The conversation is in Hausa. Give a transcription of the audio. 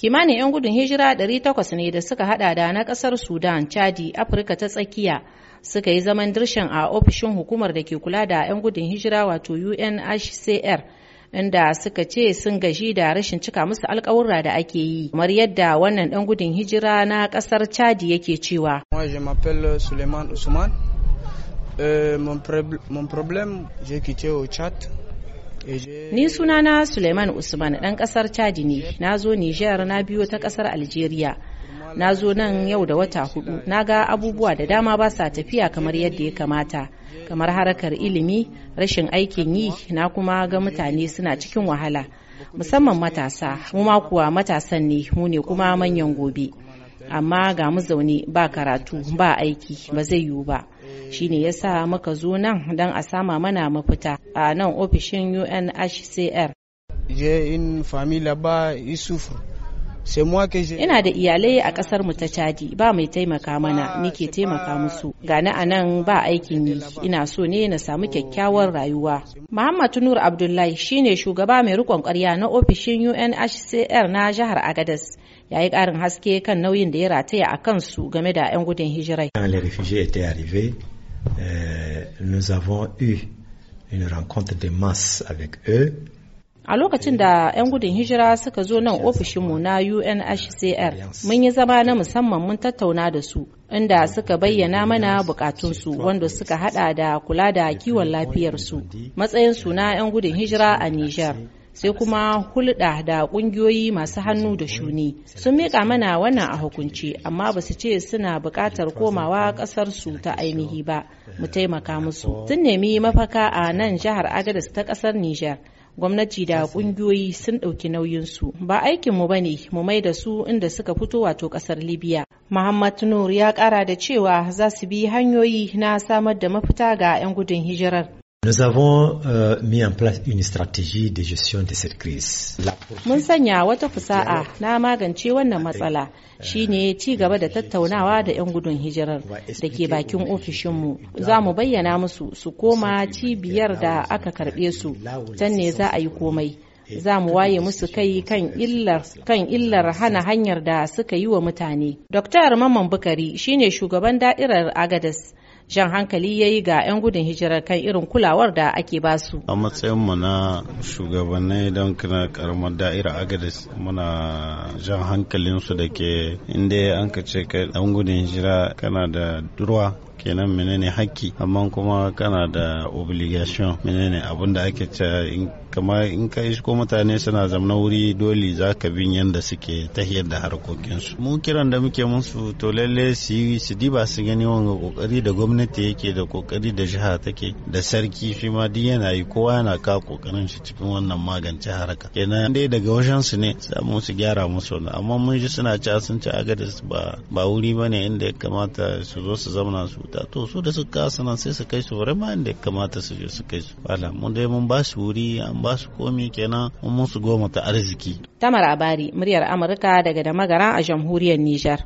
kimanin 'yan gudun hijira 800 ne da suka hada da na kasar sudan chadi afirka ta tsakiya suka yi zaman dirshan a ofishin hukumar da ke kula da 'yan gudun hijira wato unhcr inda suka ce sun gaji da rashin cika musu alkawura da ake yi kamar yadda wannan dan gudun hijira na kasar chadi yake cewa euh, Mon problème, j'ai quitté au chat Ni sunana Suleiman Usman ɗan ƙasar Chadi ne, na zo Nijar na biyo ta ƙasar Algeria. Na zo nan yau da wata hudu, na ga abubuwa da dama ba sa tafiya kamar yadda ya kamata, kamar harkar ilimi, rashin aikin yi, na kuma ga mutane suna cikin wahala, musamman matasa, mu ma kuwa matasan ne, mu ne kuma manyan gobe. Amma ga mu zaune ba karatu, ba aiki, ba zai yiwu ba. shine yasa muka zo nan don a sama mana mafita a nan ofishin UNHCR. Je in famila ba isufur. Ina da iyalai a kasar mu ta Chadi ba mai taimaka mana nike taimaka musu. Gani a nan ba aikin yi ina so ne na samu kyakkyawar rayuwa. Muhammad Nur Abdullahi shine shugaba mai rikon ƙwarya na ofishin UNHCR na jihar agadas ya yi ƙarin haske kan nauyin da ya rataya a kansu game da 'yan gudun hijirai. les euh, nous avons eu une rencontre de masse avec eux. a lokacin da 'yan gudun hijira suka zo nan ofishinmu na unhcr mun yi zama na musamman mun tattauna da su inda suka bayyana mana bukatunsu wanda suka hada da kula da kiwon lafiyarsu matsayinsu na 'yan gudun hijira a niger sai kuma hulɗa da ƙungiyoyi masu hannu da shuni sun miƙa mana wannan a hukunci amma ba su ce suna buƙatar komawa ƙasarsu ta ainihi ba mu taimaka musu sun nemi mafaka a nan jihar agadis ta ƙasar niger gwamnati da kungiyoyi sun ɗauki nauyinsu ba aikinmu ba ne mu mai da su inda suka fito wato ƙasar libya muhammad nur ya ƙara da cewa za su bi hanyoyi na samar da mafita ga 'yan gudun hijirar Nous avons euh, mis en place une stratégie de gestion de cette crise. Mun sanya wata fusa'a na magance wannan matsala shine ci gaba da tattaunawa da 'yan gudun hijirar da ke bakin ofishinmu. Za mu bayyana musu su koma cibiyar da aka karɓe su, can ne za a yi komai. za mu waye musu kai kan illar kan illar hana hanyar da suka yi wa mutane. Dr. Mamman Bukari shine shugaban da'irar Agadas jan hankali ya yi ga 'yan gudun hijirar kan irin kulawar da ake basu. A matsayin mu na shugabannin don kina karamar da'ira Agadis muna jan su da ke inda an ka ce kai 'yan gudun hijira kana da durwa kenan menene haƙƙi amma kuma kana da obligation menene abin da ake ce kama in ka isko mutane suna zamna wuri dole za ka bin yadda suke tahiyar da harkokinsu mu kiran da muke musu to lalle su yi su diba su gani wani kokari da gwamnati gwamnati yake da kokari da jiha take da sarki shi ma duk yana yi kowa yana ka kokarin shi cikin wannan magance haraka kenan dai daga wajen su ne samu su gyara musu wannan amma mun ji suna ci sun ci agadis ba ba wuri bane inda ya kamata su zo su zauna su ta to su da su kasa nan sai su kai su wurin ma inda ya kamata su je su kai su wala mun dai mun ba su wuri an ba su komi kenan mun musu goma ta arziki tamar abari muryar amurka daga da magara a jamhuriyar nijar